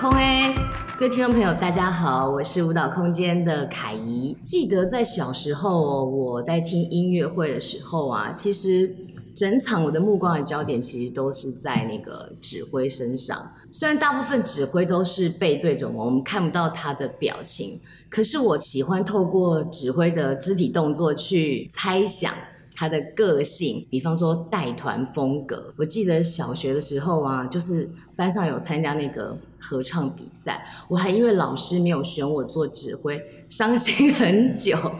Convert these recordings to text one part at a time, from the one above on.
空哎、欸，各位聽眾朋友，大家好，我是舞蹈空間的凱怡。記得在小時候、哦，我在聽音樂會的時候啊，其實整場我的目光的焦點其實都是在那個指揮身上。雖然大部分指揮都是背對着我們，我們看不到他的表情，可是我喜歡透過指揮的肢體動作去猜想。他的個性，比方說帶團風格，我記得小學的時候啊，就是班上有參加那個合唱比賽，我還因為老師沒有選我做指揮，傷心很久。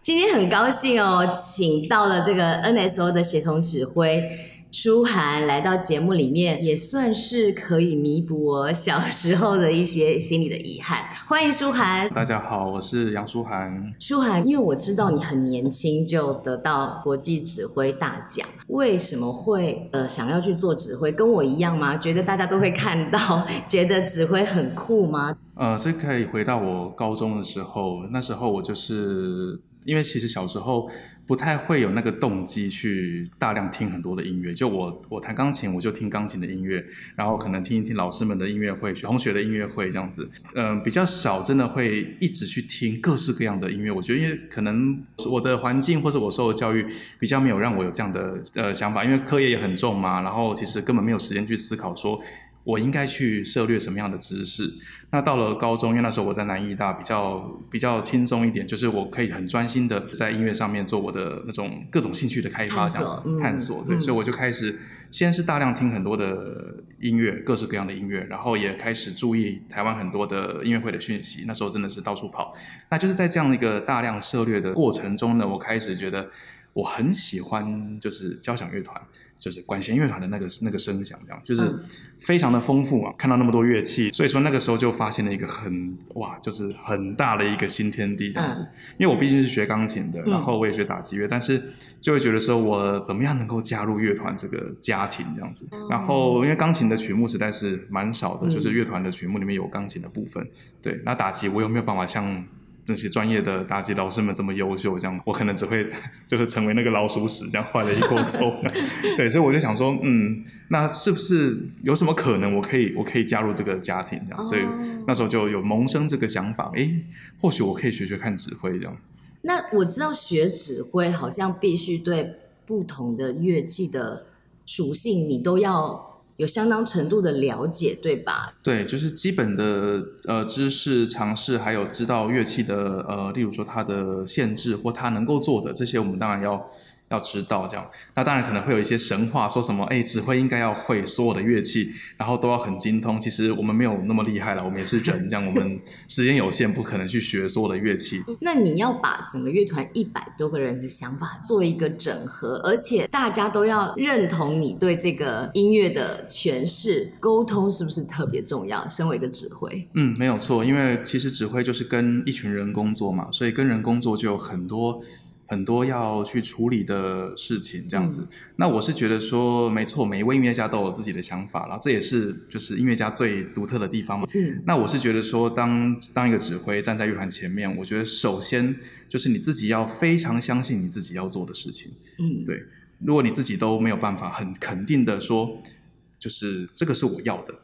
今天很高興哦，請到了這個 NSO 的協同指揮。書涵來到節目裡面，也算是可以彌補我小時候的一些心裡的遺憾。歡迎書涵！大家好，我是楊書涵。書涵，因為我知道你很年輕就得到國際指揮大獎，為什麼會呃想要去做指揮？跟我一樣嗎？覺得大家都會看到，覺得指揮很酷嗎？呃，是可以回到我高中的時候，那時候我就是因為其實小時候。不太會有那個動機去大量聽很多的音樂。就我，我彈鋼琴，我就聽鋼琴的音樂，然後可能聽一聽老師們的音樂會、學同學的音樂會這樣子。嗯，比較少，真的會一直去聽各式各樣的音樂。我覺得，因為可能我的環境或者我受的教育比較沒有讓我有這樣的呃想法，因為課業也很重嘛，然後其實根本沒有時間去思考說。我應該去涉獵什麼樣的知識？那到了高中，因為那時候我在南藝大比較比較輕鬆一點，就是我可以很專心的在音樂上面做我的那種各種興趣的開發、探索、探索。對，所以我就開始先是大量聽很多的音樂，各式各樣的音樂，然後也開始注意台灣很多的音樂會的訊息。那時候真的是到處跑，那就是在這樣一個大量涉獵的過程中呢，我開始覺得我很喜歡，就是交響樂團。就是管弦樂團的那個那個聲響，這樣就是非常的豐富啊！看到那麼多樂器，所以說那個時候就發現了一個很哇，就是很大的一個新天地這樣子。嗯、因為我畢竟是學鋼琴的，然後我也學打擊樂，但是就會覺得說，我怎麼樣能夠加入樂團這個家庭這樣子？然後因為鋼琴的曲目實在是蠻少的，嗯、就是樂團的曲目裡面有鋼琴的部分，對，那打擊我有沒有辦法像？那些專業的打擊老師們這麼優秀，這樣我可能只會就是成為那個老鼠屎，這樣壞了一鍋粥。 對，所以我就想說，嗯，那是不是有什麼可能，我可以我可以加入這個家庭這樣，所以那時候就有萌生這個想法，欸，或許我可以學學看指揮這樣。那我知道學指揮好像必須對不同的樂器的屬性，你都要。有相當程度的了解，對吧？對，就是基本的呃知識、嘗試，還有知道樂器的呃，例如說它的限制或它能夠做的這些，我們當然要。要知道這樣，那當然可能會有一些神話，說什麼誒，指揮應該要會所有的樂器，然後都要很精通。其實我們沒有那麼厲害了，我們也是人， 這樣我們時間有限，不可能去學所有的樂器。那你要把整個樂團一百多個人的想法做一個整合，而且大家都要認同你對這個音樂的詮釋，溝通是不是特別重要？身為一個指揮，嗯，沒有錯，因為其實指揮就是跟一群人工作嘛，所以跟人工作就有很多。很多要去處理的事情，這樣子。嗯。那我是覺得說，沒錯，每一位音樂家都有自己的想法，然後這也是就是音樂家最獨特的地方嘛。嗯。那我是覺得說當，當當一個指揮站在樂團前面，我覺得首先就是你自己要非常相信你自己要做的事情。嗯。對，如果你自己都沒有辦法很肯定的說，就是這個是我要的。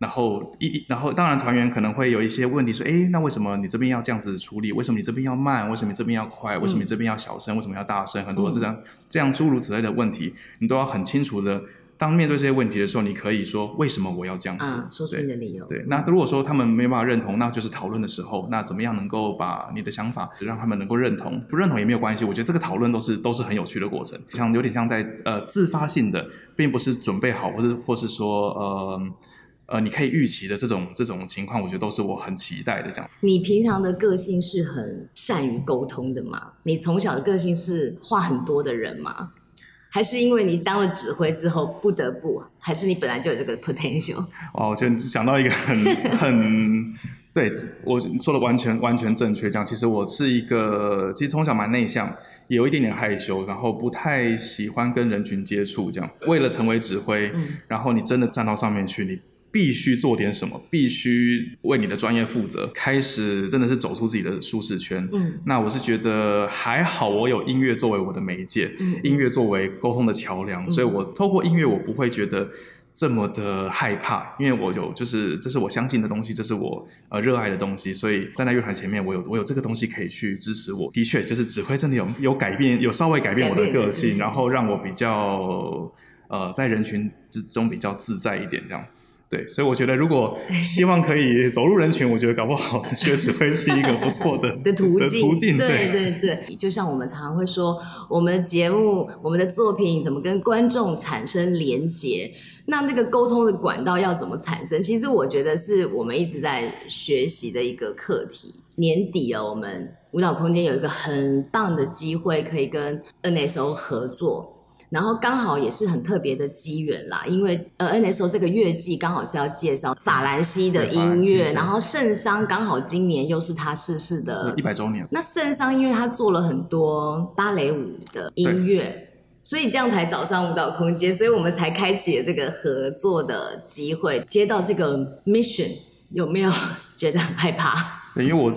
然後一然後當然團員可能會有一些問題說，哎，那為什麼你這邊要這樣子處理？為什麼你這邊要慢？為什麼你這邊要快？為什麼你這邊要小聲？為什麼要大聲？很多這樣、嗯、這樣諸如此類的問題，你都要很清楚的。當面對這些問題的時候，你可以說為什麼我要這樣子？啊、說出你的理由對。對，那如果說他們沒辦法認同，那就是討論的時候，那怎麼樣能夠把你的想法讓他們能夠認同？不認同也沒有關係。我覺得這個討論都是都是很有趣的過程，像有點像在呃自發性的，並不是準備好，或是或是說呃。呃，你可以預期的這種這種情況，我覺得都是我很期待的。這樣，你平常的個性是很善於溝通的嗎？你從小的個性是話很多的人嗎？還是因為你當了指揮之後不得不？還是你本來就有這個 potential？哦，我覺得你想到一個很很 對，我說的完全完全正確。這樣，其實我是一個，其實從小蠻內向，有一點點害羞，然後不太喜歡跟人群接觸。這樣，為了成為指揮，嗯、然後你真的站到上面去，你。必須做點什麼，必須為你的專業負責，開始真的是走出自己的舒適圈。嗯，那我是覺得還好，我有音樂作為我的媒介，嗯、音樂作為溝通的橋梁，嗯、所以我透過音樂，我不會覺得這麼的害怕，嗯、因為我有就是這是我相信的東西，這是我呃熱愛的東西，所以站在樂團前面，我有我有這個東西可以去支持我的。的確，就是指揮真的有有改變，有稍微改變我的個性，就是，然後讓我比較呃在人群之中比較自在一點這樣。對，所以我覺得，如果希望可以走入人群， 我覺得搞不好學指揮是一個不錯的 的途徑。的途徑對對對，對，就像我們常常會說，我們的節目、我們的作品怎麼跟觀眾產生連接？那那個溝通的管道要怎麼產生？其實我覺得是我們一直在學習的一個課題。年底哦，我們舞蹈空間有一個很棒的機會，可以跟 NSO 合作。然後剛好也是很特別的機緣啦，因為呃，N S O 這個樂季剛好是要介紹法蘭西的音樂，然後聖桑剛好今年又是他逝世的一百周年。那聖桑因為他做了很多芭蕾舞的音樂，對所以這樣才找上舞蹈空間，所以我們才開啟了這個合作的機會，接到這個 mission，有沒有覺得很害怕？對，因為我。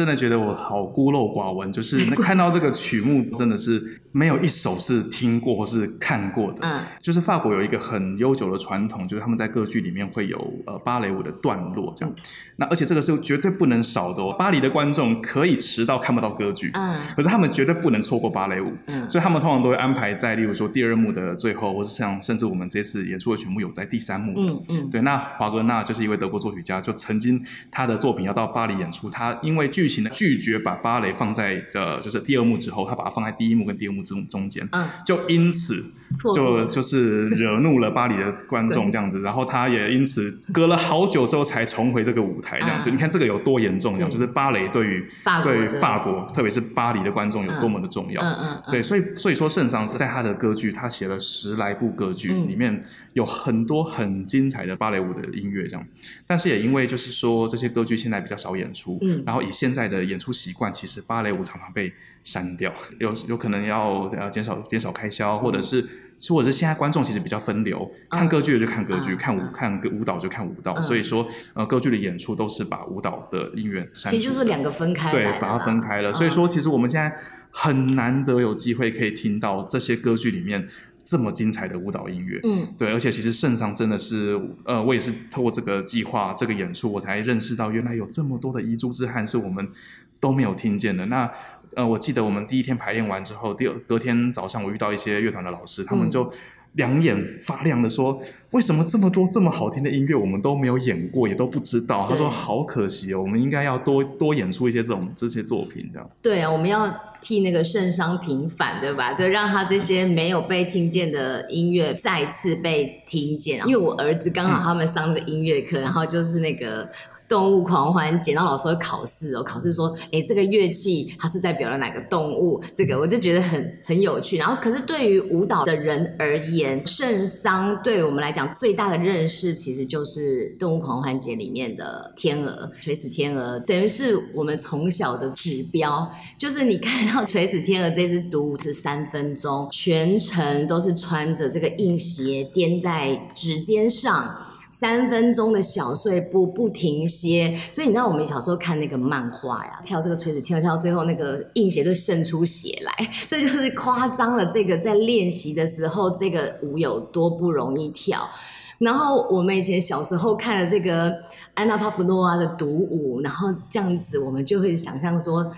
真的覺得我好孤陋寡聞，就是看到這個曲目，真的是沒有一首是聽過或是看過的。嗯，就是法國有一個很悠久的傳統，就是他們在歌劇裡面會有呃芭蕾舞的段落，這樣。嗯、那而且這個是絕對不能少的哦。巴黎的觀眾可以遲到看不到歌劇，嗯，可是他們絕對不能錯過芭蕾舞，嗯，所以他們通常都會安排在，例如說第二幕的最後，或是像甚至我們這次演出的曲目有在第三幕的。的、嗯。嗯，對。那華格納就是一位德國作曲家，就曾經他的作品要到巴黎演出，他因為劇。拒絕把芭蕾放在的，就是第二幕之後，他把它放在第一幕跟第二幕之中間，嗯、啊，就因此就，就就是惹怒了巴黎的觀眾這樣子，嗯、然後他也因此隔了好久之後才重回這個舞台這樣子。啊、你看這個有多嚴重？這樣對就是芭蕾對於法對於法國，特別是巴黎的觀眾有多麼的重要。嗯嗯、啊。啊啊、對，所以所以說，聖桑斯在他的歌劇，他寫了十來部歌劇，嗯、裡面有很多很精彩的芭蕾舞的音樂這樣。但是也因為就是說，這些歌劇現在比較少演出，嗯，然後以現在。在的演出習慣，其實芭蕾舞常常被刪掉，有有可能要減少減少開銷，嗯、或者是，或者是現在觀眾其實比較分流，嗯、看歌劇的就看歌劇，嗯、看舞看舞蹈就看舞蹈，嗯、所以說呃歌劇的演出都是把舞蹈的音樂刪除，其實就是兩個分開，對，把它分開了，嗯、所以說其實我們現在很難得有機會可以聽到這些歌劇裡面。這麼精彩的舞蹈音樂，嗯，對，而且其實聖上真的是，呃，我也是透過這個計劃、這個演出，我才認識到原來有這麼多的遺珠之憾是我們都沒有聽見的。那呃，我記得我們第一天排練完之後，第二隔天早上我遇到一些樂團的老師，他們就，嗯兩眼發亮的說：“為什麼這麼多這麼好聽的音樂，我們都沒有演過，也都不知道？”對他說：“好可惜哦，我們應該要多多演出一些這種這些作品，這樣。”對啊，我們要替那個聖桑平反，對吧？就讓他這些沒有被聽見的音樂再次被聽見。因為我兒子剛好他們上那個音樂課，嗯、然後就是那個。動物狂歡節，然後老師會考試哦，考試說，哎，這個樂器它是代表了哪個動物？這個我就覺得很很有趣。然後，可是對於舞蹈的人而言，聖桑對我們來講最大的認識，其實就是動物狂歡節裡面的天鵝，垂死天鵝，等於是我們從小的指標，就是你看到垂死天鵝這隻獨舞是三分鐘，全程都是穿着這個硬鞋踮在指尖上。三分鐘的小碎步不停歇，所以你知道我們小時候看那個漫畫呀，跳這個錘子跳跳，最後那個硬鞋都滲出血來，這就是誇張了。這個在練習的時候，這個舞有多不容易跳。然後我們以前小時候看了這個安娜·帕夫洛娃的獨舞，然後這樣子，我們就會想象說。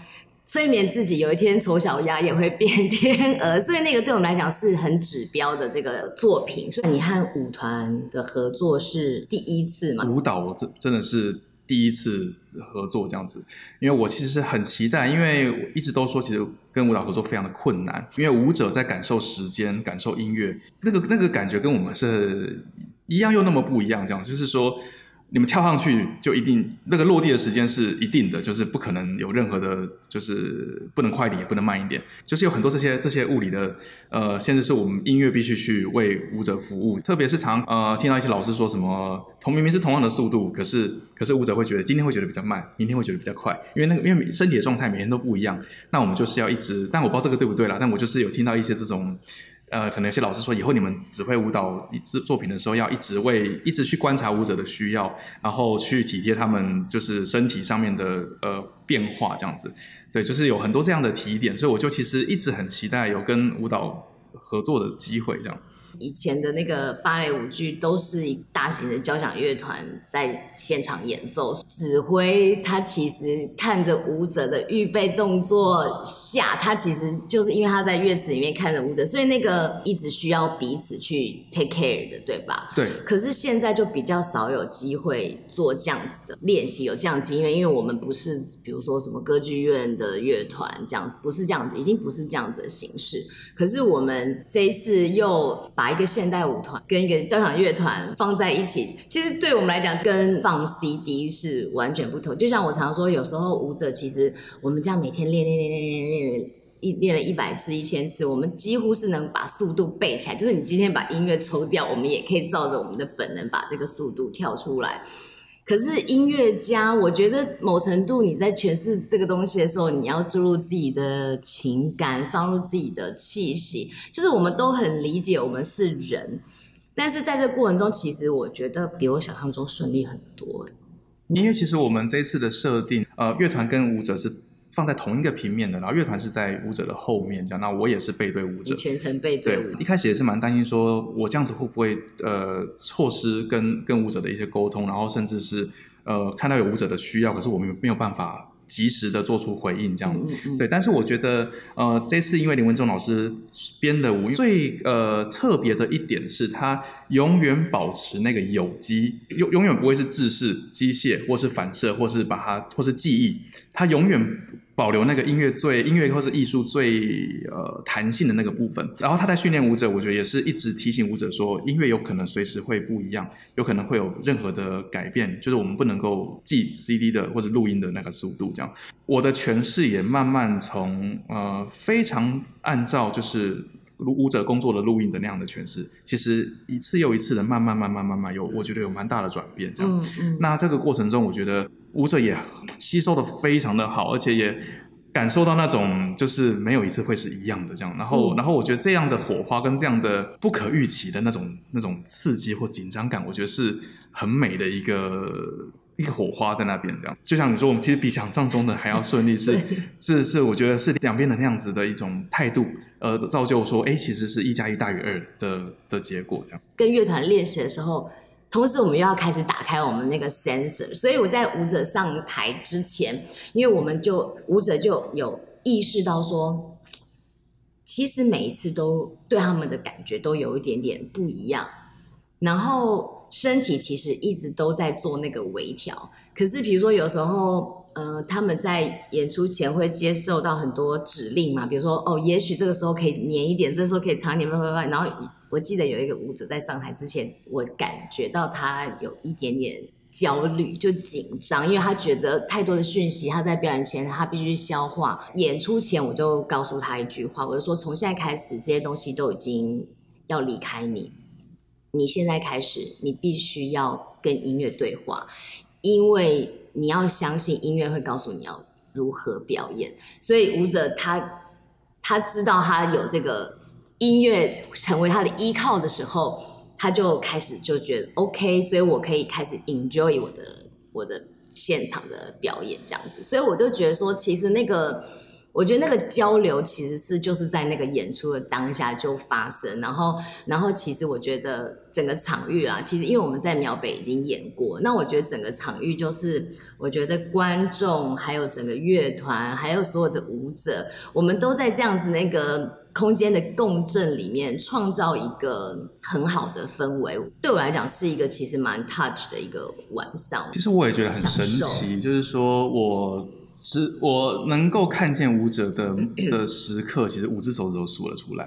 催眠自己，有一天醜小鴨也會變天鵝，所以那個對我們來講是很指標的這個作品。所以你和舞團的合作是第一次嗎？舞蹈我這真的是第一次合作這樣子，因為我其實是很期待，因為我一直都說，其實跟舞蹈合作非常的困難，因為舞者在感受時間、感受音樂，那個那個感覺跟我們是一樣又那麼不一樣，這樣就是說。你們跳上去就一定那個落地的時間是一定的，就是不可能有任何的，就是不能快一點也不能慢一點，就是有很多這些這些物理的呃限制，現在是我們音樂必須去為舞者服務。特別是常呃聽到一些老師說什麼同明明是同樣的速度，可是可是舞者會覺得今天會覺得比較慢，明天會覺得比較快，因為那個因為身體的狀態每天都不一樣，那我們就是要一直，但我不知道這個對不對啦，但我就是有聽到一些這種。呃，可能有些老師說，以後你們指揮舞蹈一作作品的時候，要一直為，一直去觀察舞者的需要，然後去體貼他們，就是身體上面的呃變化這樣子。對，就是有很多這樣的提點，所以我就其實一直很期待有跟舞蹈合作的機會這樣。以前的那個芭蕾舞劇都是大型的交響樂團在現場演奏，指揮他其實看着舞者的預備動作下，他其實就是因為他在樂池裡面看着舞者，所以那個一直需要彼此去 take care 的，對吧？對。可是現在就比較少有機會做這樣子的練習，有這樣子因為因為我們不是比如說什麼歌劇院的樂團這樣子，不是這樣子，已經不是這樣子的形式。可是我們這一次又把。把一個現代舞團跟一個交響樂團放在一起，其實對我們來講，跟放 CD 是完全不同。就像我常說，有時候舞者其實我們這樣每天練練練練練練，一練了一百次、一千次，我們幾乎是能把速度背起來。就是你今天把音樂抽掉，我們也可以照着我們的本能把這個速度跳出來。可是音樂家，我覺得某程度你在詮釋這個東西的時候，你要注入自己的情感，放入自己的氣息。就是我們都很理解，我們是人，但是在這個過程中，其實我覺得比我想象中順利很多。因為其實我們這次的設定，呃，樂團跟舞者是。放在同一個平面的，然後樂團是在舞者的後面這樣。那我也是背對舞者，全程背對舞者。對，一開始也是蠻擔心，說，我這樣子會不會呃錯失跟跟舞者的一些溝通，然後甚至是呃看到有舞者的需要，可是我們沒有辦法及時的做出回應這樣。嗯嗯嗯對，但是我覺得呃這次因為林文忠老師編的舞，最呃特別的一點是他永遠保持那個有機，永永遠不會是制式機械或是反射，或是把它或是記憶，他永遠。保留那個音樂最音樂或是藝術最呃彈性的那個部分，然後他在訓練舞者，我覺得也是一直提醒舞者說，音樂有可能隨時會不一樣，有可能會有任何的改變，就是我們不能夠記 CD 的或者錄音的那個速度這樣。我的詮釋也慢慢從呃非常按照就是。如舞者工作的錄音的那樣的詮釋，其實一次又一次的慢慢慢慢慢慢有，我覺得有蠻大的轉變這樣。嗯嗯、那這個過程中，我覺得舞者也吸收的非常的好，而且也感受到那種就是沒有一次會是一樣的這樣。然後，嗯、然後我覺得這樣的火花跟這樣的不可預期的那種那種刺激或緊張感，我覺得是很美的一個。一個火花在那邊，這樣就像你說，我們其實比想象中的還要順利是 對是，是是是，我覺得是兩邊的那樣子的一種態度，呃，造就說，哎、欸，其實是一加一大於二的的結果，這樣。跟樂團練習的時候，同時我們又要開始打開我們那個 sensor，所以我在舞者上台之前，因為我們就舞者就有意識到說，其實每一次都對他們的感覺都有一點點不一樣，然後。身體其實一直都在做那個微調，可是比如說有時候，呃，他們在演出前會接受到很多指令嘛，比如說哦，也許這個時候可以黏一點，這時候可以長一點，慢慢慢。然後我記得有一個舞者在上台之前，我感覺到他有一點點焦慮，就緊張，因為他覺得太多的訊息，他在表演前他必須消化。演出前我就告訴他一句話，我就說從現在開始這些東西都已經要離開你。你現在開始，你必須要跟音樂對話，因為你要相信音樂會告訴你要如何表演。所以舞者他他知道他有這個音樂成為他的依靠的時候，他就開始就覺得 OK，所以我可以開始 enjoy 我的我的現場的表演這樣子。所以我就覺得說，其實那個。我覺得那個交流，其實是就是在那個演出的當下就發生，然後然後其實我覺得整個場域啊，其實因為我們在苗北已經演過，那我覺得整個場域就是我覺得觀眾還有整個樂團還有所有的舞者，我們都在這樣子那個空間的共振裡面創造一個很好的氛圍。對我來講是一個其實蠻 touch 的一個晚上。其實我也覺得很神奇，受就是說我。是，我能夠看見舞者的的時刻，其實五隻手指都數得出來。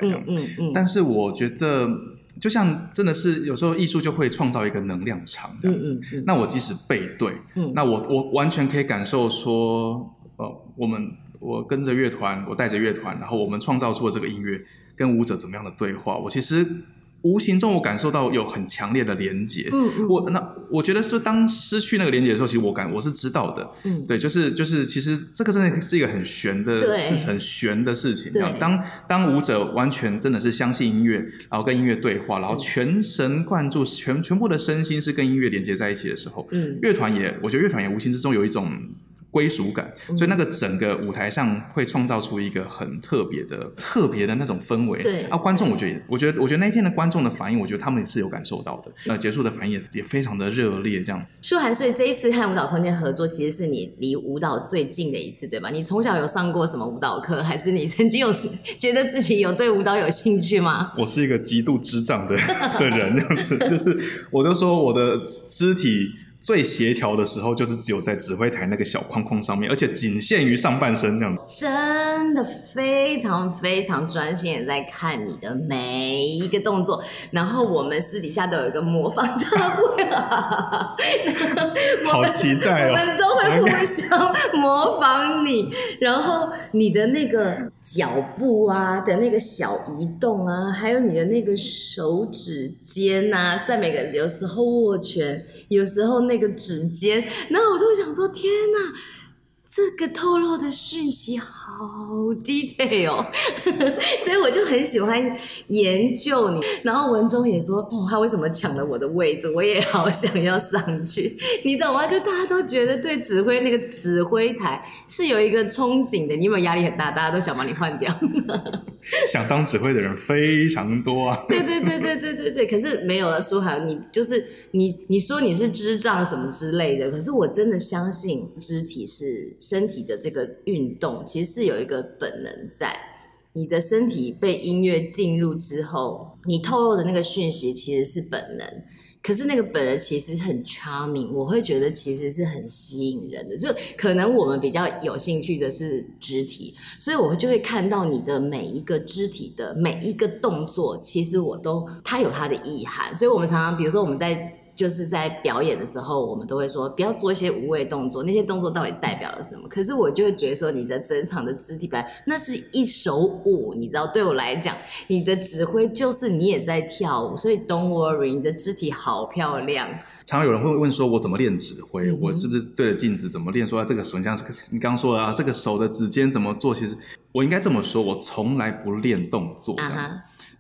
但是我覺得，就像真的是有時候藝術就會創造一個能量場這樣子。那我即使背對，那我我完全可以感受說，呃，我們我跟着樂團，我帶着樂團，然後我們創造出了這個音樂，跟舞者怎麼樣的對話？我其實。無形中，我感受到有很強烈的連接。嗯，嗯，我，那，我覺得是當失去那個連接的時候，其實我感我是知道的。嗯，對，就是就是，其實這個真的是一個很玄的事，對，很玄的事情。當當舞者完全真的是相信音樂，然後跟音樂對話，然後全神貫注，嗯，全全部的身心是跟音樂連接在一起的時候，嗯，樂團也，我覺得樂團也無形之中有一種。歸屬感，所以那個整個舞台上會創造出一個很特別的、特別的那種氛圍。對啊，觀眾，我覺得，我覺得，我覺得那一天的觀眾的反應，我覺得他們也是有感受到的。那、呃、結束的反應也也非常的熱烈，這樣。書涵，所以這一次和舞蹈空間合作，其實是你離舞蹈最近的一次，對吧？你從小有上過什麼舞蹈課，還是你曾經有覺得自己有對舞蹈有興趣嗎？我是一個極度智障的的人， 就是我就說我的肢體。最協調的時候就是只有在指揮台那個小框框上面，而且僅限於上半身這樣。真的非常非常專心，也在看你的每一個動作。然後我們私底下都有一個模仿大會、啊， 好期待哦、喔！我們都會互相模仿你， 然後你的那個。腳步啊的那個小移動啊，還有你的那個手指尖吶、啊，在每個有時候握拳，有時候那個指尖，然後我就想說，天吶！這個透露的訊息好 detail 哦，呵呵，所以我就很喜歡研究你。然後文中也說，哦，他為什麼搶了我的位置？我也好想要上去，你懂嗎？就大家都覺得對指揮那個指揮台是有一個憧憬的。你有沒有壓力很大？大家都想把你換掉。呵呵 想當指揮的人非常多啊！對對對對對對對，可是沒有啦，書涵，你就是你，你說你是肢障什麼之類的。可是我真的相信，肢體是身體的這個運動，其實是有一個本能在。你的身體被音樂進入之後，你透露的那個訊息其實是本能。可是那個本人其實很 charming，我會覺得其實是很吸引人的。就可能我們比較有興趣的是肢體，所以我就會看到你的每一個肢體的每一個動作，其實我都它有它的意涵。所以我們常常，比如說我們在。就是在表演的時候，我們都會說不要做一些無謂動作，那些動作到底代表了什麼？可是我就會覺得說，你的整場的肢體白，那是一首舞，你知道，對我來講，你的指揮就是你也在跳舞，所以 don't worry，你的肢體好漂亮。常常有人會問說，我怎麼練指揮？嗯嗯，我是不是對着鏡子怎麼練？說、啊、這個手你剛剛說的啊，這個手的指尖怎麼做？其實我應該這麼說，我從來不練動作。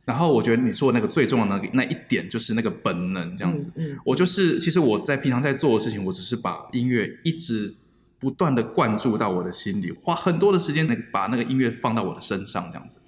然後我覺得你說的那個最重要的那個，那一點，就是那個本能這樣子。嗯嗯、我就是其實我在平常在做的事情，我只是把音樂一直不斷的灌注到我的心裡，花很多的時間才把那個音樂放到我的身上這樣子，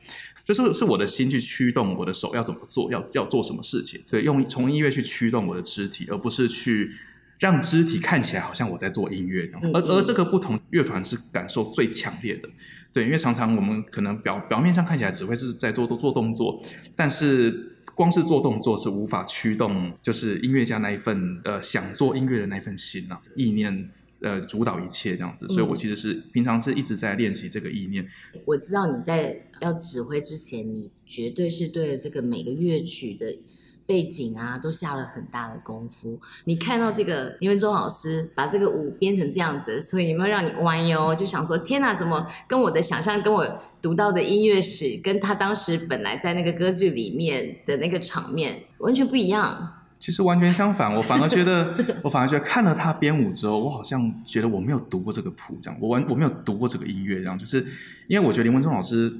就是是我的心去驅動我的手要怎麼做，要要做什麼事情，對，用從音樂去驅動我的肢體，而不是去。讓肢體看起來好像我在做音樂，嗯嗯、而而這個不同樂團是感受最強烈的，對，因為常常我們可能表表面上看起來只會是在做做做動作，但是光是做動作是無法驅動，就是音樂家那一份呃想做音樂的那一份心吶、啊，意念呃主導一切這樣子，所以我其實是、嗯、平常是一直在練習這個意念。我知道你在要指揮之前，你絕對是對這個每個樂曲的。背景啊，都下了很大的功夫。你看到這個林文中老師把這個舞編成這樣子，所以有沒有讓你彎喲？就想說天吶，怎麼跟我的想象，跟我讀到的音樂史，跟他當時本來在那個歌劇裡面的那個場面完全不一樣？其實完全相反，我反而覺得， 我反而覺得看了他編舞之後，我好像覺得我沒有讀過這個譜，這樣我完我沒有讀過這個音樂，這樣就是因為我覺得林文中老師，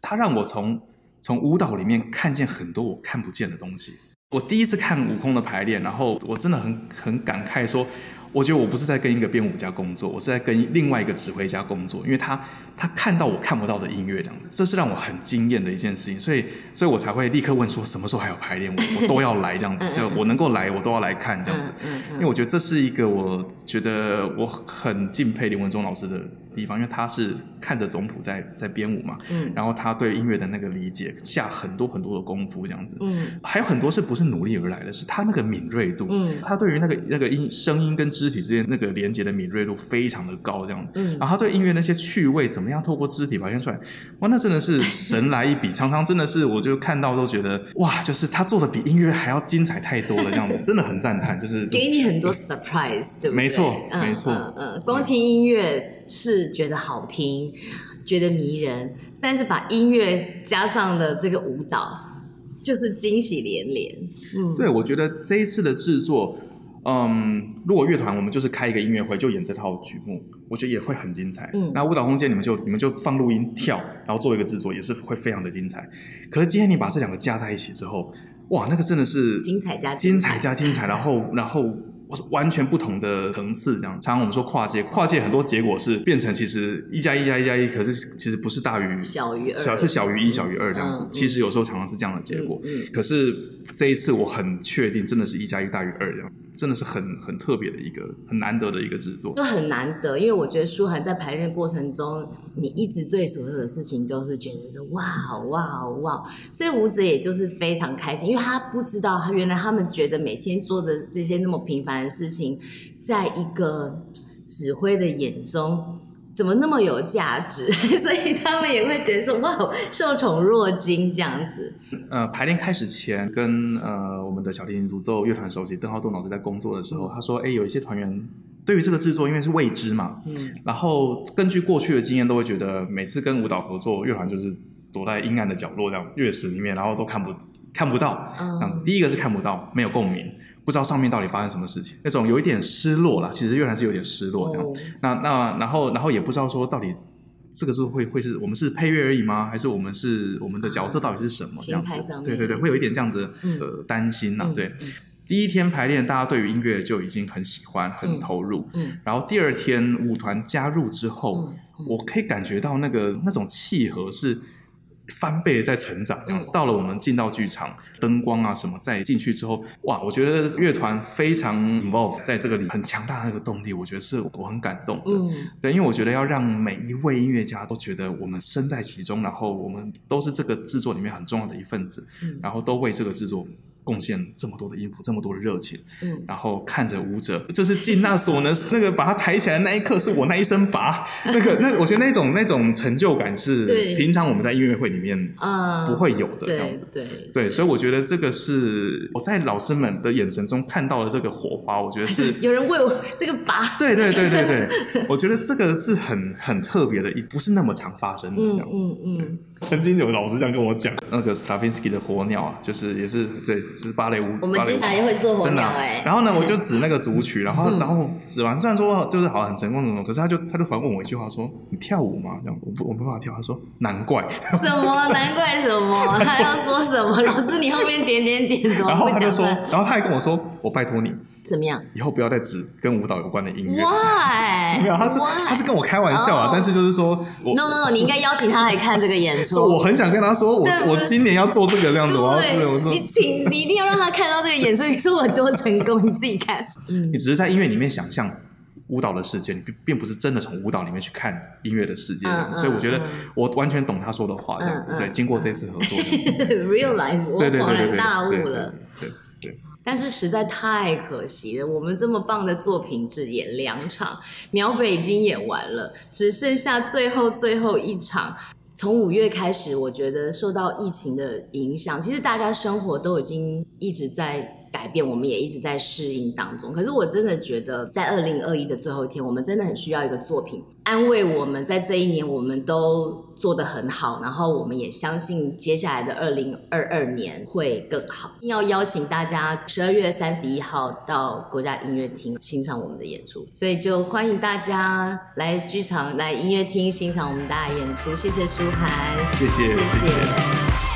他讓我從。從舞蹈裡面看見很多我看不見的東西。我第一次看舞空的排練，然後我真的很很感慨說，說我覺得我不是在跟一個編舞家工作，我是在跟另外一個指揮家工作，因為他他看到我看不到的音樂，這樣子，這是讓我很驚豔的一件事情。所以所以我才會立刻問說什麼時候還有排練？我我都要來這樣子，就我能夠來我都要來看這樣子，因為我覺得這是一個我覺得我很敬佩林文中老師的地方，因為他是看着總譜在在編舞嘛，嗯，然後他對音樂的那個理解下很多很多的功夫，這樣子，嗯，還有很多是不是努力而來的，是他那個敏銳度，嗯，他對於那個那個音聲音跟肢體之間那個連接的敏銳度非常的高，這樣子，嗯，然後他對音樂那些趣味怎麼樣透過肢體表現出來，哇，那真的是神來一筆，常常真的是我就看到都覺得哇，就是他做的比音樂還要精彩太多了，這樣子真的很讚嘆，就是給你很多 surprise，對不對？沒錯，沒錯，嗯，光聽音樂。是覺得好聽，覺得迷人，但是把音樂加上了這個舞蹈，就是驚喜連連。嗯，對，我覺得這一次的制作，嗯，如果樂團我們就是開一個音樂會就演這套曲目，我覺得也會很精彩。嗯，那舞蹈空間你們就你們就放錄音跳，嗯、然後做一個制作，也是會非常的精彩。可是今天你把這兩個加在一起之後，哇，那個真的是精彩加精彩，精彩加精彩，然後然後。然後完全不同的層次，這樣。常常我們說跨界，跨界很多結果是變成其實一加一加一加一，可是其實不是大於小，小於，小是小於一、嗯、小於二這樣子。嗯、其實有時候常常是這樣的結果，嗯、可是這一次我很確定，真的是一加一大於二這樣子。真的是很很特別的一個很難得的一個製作，就很難得，因為我覺得書涵在排練過程中，你一直對所有的事情都是覺得說哇哦哇哦哇哦，所以舞者也就是非常開心，因為他不知道，他原來他們覺得每天做的這些那麼平凡的事情，在一個指揮的眼中。怎麼那麼有價值？ 所以他們也會覺得說，哇，受寵若驚這樣子。呃，排練開始前，跟呃我們的小提琴獨奏樂團首席鄧、嗯、浩東老師在工作的時候，他說，哎，有一些團員對於這個製作，因為是未知嘛，嗯、然後根據過去的經驗，都會覺得每次跟舞蹈合作，樂團就是躲在陰暗的角落這樣，樂室裡面，然後都看不看不到、嗯、這樣子。第一個是看不到，沒有共鳴。不知道上面到底發生什麼事情，那種有一點失落啦。其實越南是有點失落，這樣。Oh. 那那然後然後也不知道說到底這個是會會是我們是配樂而已嗎？還是我們是我們的角色到底是什麼？這樣子。啊、對對對，會有一點這樣的呃擔心啊。嗯、對，嗯嗯、第一天排練，大家對於音樂就已經很喜歡很投入。嗯嗯、然後第二天舞團加入之後，嗯嗯、我可以感覺到那個那種契合是。翻倍的在成長，到了我們進到劇場，燈光啊什麼，再進去之後，哇！我覺得樂團非常 involve 在這個裡，很強大的一個動力，我覺得是我很感動的。嗯、對，因為我覺得要讓每一位音樂家都覺得我們身在其中，然後我們都是這個制作裡面很重要的一份子，嗯、然後都為這個制作，貢獻這麼多的音符，這麼多的熱情，嗯，然後看着舞者，就是盡那所能， 那個把他抬起來的那一刻，是我那一聲拔， 那個那，我覺得那種那種成就感是平常我們在音樂會裡面不會有的，嗯、這樣子，對對，對，所以我覺得這個是我在老師們的眼神中看到了這個火花，我覺得是 有人為我這個拔， 對對對對對，我覺得這個是很很特別的也，不是那麼常發生的，嗯嗯 樣嗯，嗯嗯曾經有老師這樣跟我講，那個 Stravinsky 的火鳥啊，就是也是對。就是芭蕾舞，我們接下來也會做真的。然後呢，我就指那個組曲，然後然後指完，雖然說就是好像很成功那種，可是他就他就反問我一句話說：“你跳舞嗎？”這樣，我不我沒辦法跳，他說難怪。什麼難怪什麼？他要說什麼？老師你後面點點點什麼？然後他就說，然後他還跟我說：“我拜托你怎麼樣，以後不要再指跟舞蹈有關的音樂。”哇，沒有，他他是跟我開玩笑啊，但是就是說，no no no，你應該邀請他來看這個演出。我很想跟他說，我我今年要做這個樣子，我要對，我說你請。一定要讓他看到這個演出，你說我多成功， 你自己看。嗯、你只是在音樂裡面想象舞蹈的世界，你並並不是真的從舞蹈裡面去看音樂的世界，uh, uh, uh. 所以我覺得我完全懂他說的話，這樣子。Uh, uh. 對，經過這次合作 ，realize，life,、嗯、我恍然大悟了。對對，對對。對對對對，但是實在太可惜了，我們這麼棒的作品只演兩場，苗北已經演完了，只剩下最後最後一場。從五月開始，我覺得受到疫情的影響，其實大家生活都已經一直在改變，我們也一直在適應當中。可是我真的覺得，在二零二一的最後一天，我們真的很需要一個作品安慰我們。在這一年，我們都做得很好，然後我們也相信接下來的二零二二年會更好。一定要邀請大家十二月三十一號到國家音樂廳欣賞我們的演出，所以就歡迎大家來劇場、來音樂廳欣賞我們大家的演出。謝謝書涵，謝謝，謝謝。謝謝。